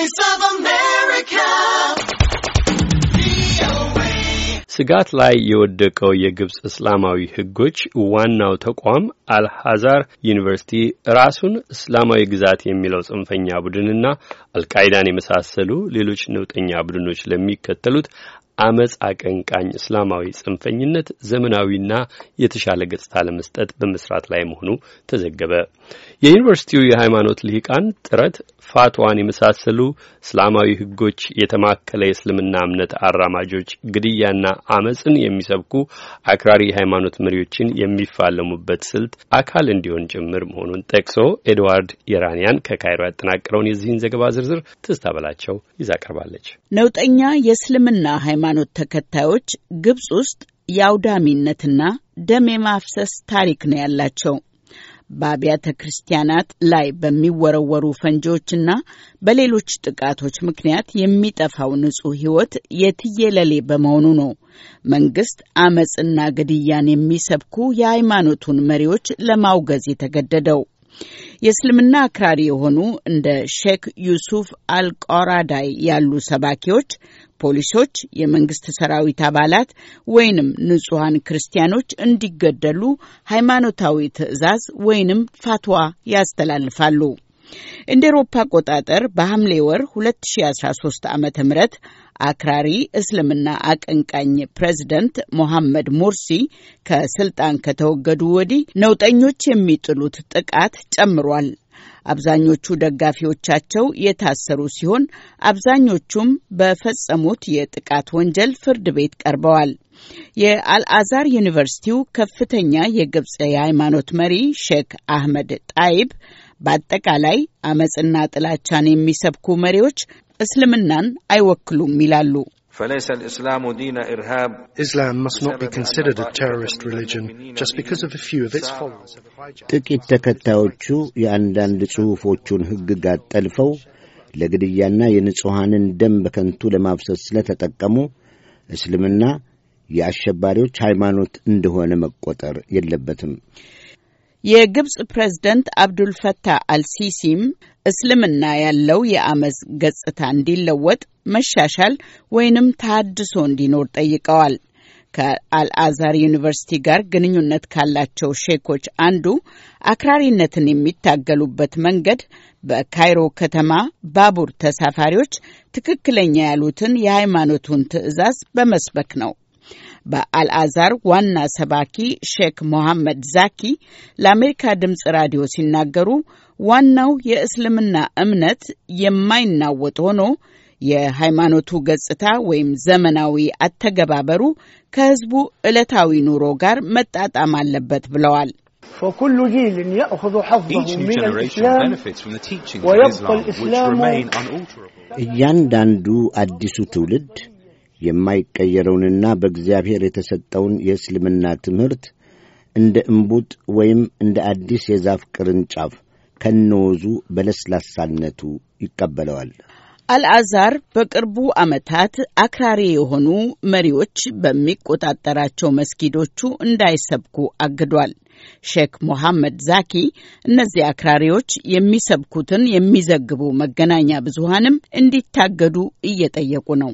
Voice of America. ስጋት ላይ የወደቀው የግብፅ እስላማዊ ህጎች ዋናው ተቋም አልሐዛር ዩኒቨርሲቲ ራሱን እስላማዊ ግዛት የሚለው ጽንፈኛ ቡድንና አልቃይዳን የመሳሰሉ ሌሎች ነውጠኛ ቡድኖች ለሚከተሉት አመፅ አቀንቃኝ እስላማዊ ጽንፈኝነት ዘመናዊና የተሻለ ገጽታ ለመስጠት በመስራት ላይ መሆኑ ተዘገበ። የዩኒቨርሲቲው የሃይማኖት ልሂቃን ጥረት ፋትዋን የመሳሰሉ እስላማዊ ሕጎች የተማከለ የእስልምና እምነት አራማጆች ግድያና አመፅን የሚሰብኩ አክራሪ የሃይማኖት መሪዎችን የሚፋለሙበት ስልት አካል እንዲሆን ጭምር መሆኑን ጠቅሶ ኤድዋርድ የራንያን ከካይሮ ያጠናቀረውን የዚህን ዘገባ ዝርዝር ትስታ በላቸው ይዛ ቀርባለች። ነውጠኛ የእስልምና ሃይማኖት ሃይማኖት ተከታዮች ግብፅ ውስጥ የአውዳሚነትና ደም የማፍሰስ ታሪክ ነው ያላቸው። በአብያተ ክርስቲያናት ላይ በሚወረወሩ ፈንጂዎችና በሌሎች ጥቃቶች ምክንያት የሚጠፋው ንጹሕ ሕይወት የትየለሌ በመሆኑ ነው መንግስት አመፅና ግድያን የሚሰብኩ የሃይማኖቱን መሪዎች ለማውገዝ የተገደደው። የእስልምና አክራሪ የሆኑ እንደ ሼክ ዩሱፍ አልቆራዳይ ያሉ ሰባኪዎች ፖሊሶች፣ የመንግስት ሰራዊት አባላት ወይንም ንጹሐን ክርስቲያኖች እንዲገደሉ ሃይማኖታዊ ትዕዛዝ ወይንም ፋትዋ ያስተላልፋሉ። እንደ ኤሮፓ አቆጣጠር በሐምሌ ወር 2013 ዓ ም አክራሪ እስልምና አቀንቃኝ ፕሬዚደንት ሞሐመድ ሙርሲ ከስልጣን ከተወገዱ ወዲህ ነውጠኞች የሚጥሉት ጥቃት ጨምሯል። አብዛኞቹ ደጋፊዎቻቸው የታሰሩ ሲሆን አብዛኞቹም በፈጸሙት የጥቃት ወንጀል ፍርድ ቤት ቀርበዋል። የአልአዛር ዩኒቨርሲቲው ከፍተኛ የግብፅ የሃይማኖት መሪ ሼክ አህመድ ጣይብ በአጠቃላይ አመፅና ጥላቻን የሚሰብኩ መሪዎች እስልምናን አይወክሉም ይላሉ። ጥቂት ተከታዮቹ የአንዳንድ ጽሑፎቹን ሕግጋት ጠልፈው ለግድያና የንጹሐንን ደም በከንቱ ለማፍሰስ ስለተጠቀሙ እስልምና የአሸባሪዎች ሃይማኖት እንደሆነ መቆጠር የለበትም። የግብፅ ፕሬዝደንት አብዱልፈታህ አልሲሲም እስልምና ያለው የአመፅ ገጽታ እንዲለወጥ መሻሻል ወይንም ታድሶ እንዲኖር ጠይቀዋል። ከአልአዛር ዩኒቨርሲቲ ጋር ግንኙነት ካላቸው ሼኮች አንዱ አክራሪነትን የሚታገሉበት መንገድ በካይሮ ከተማ ባቡር ተሳፋሪዎች ትክክለኛ ያሉትን የሃይማኖቱን ትዕዛዝ በመስበክ ነው። በአልአዛር ዋና ሰባኪ ሼክ ሞሐመድ ዛኪ ለአሜሪካ ድምፅ ራዲዮ ሲናገሩ ዋናው የእስልምና እምነት የማይናወጥ ሆኖ የሃይማኖቱ ገጽታ ወይም ዘመናዊ አተገባበሩ ከህዝቡ ዕለታዊ ኑሮ ጋር መጣጣም አለበት ብለዋል። እያንዳንዱ አዲሱ ትውልድ የማይቀየረውንና በእግዚአብሔር የተሰጠውን የእስልምና ትምህርት እንደ እምቡጥ ወይም እንደ አዲስ የዛፍ ቅርንጫፍ ከነወዙ በለስላሳነቱ ይቀበለዋል። አልአዛር በቅርቡ ዓመታት አክራሪ የሆኑ መሪዎች በሚቆጣጠራቸው መስጊዶቹ እንዳይሰብኩ አግዷል። ሼክ ሞሐመድ ዛኪ እነዚህ አክራሪዎች የሚሰብኩትን የሚዘግቡ መገናኛ ብዙሃንም እንዲታገዱ እየጠየቁ ነው።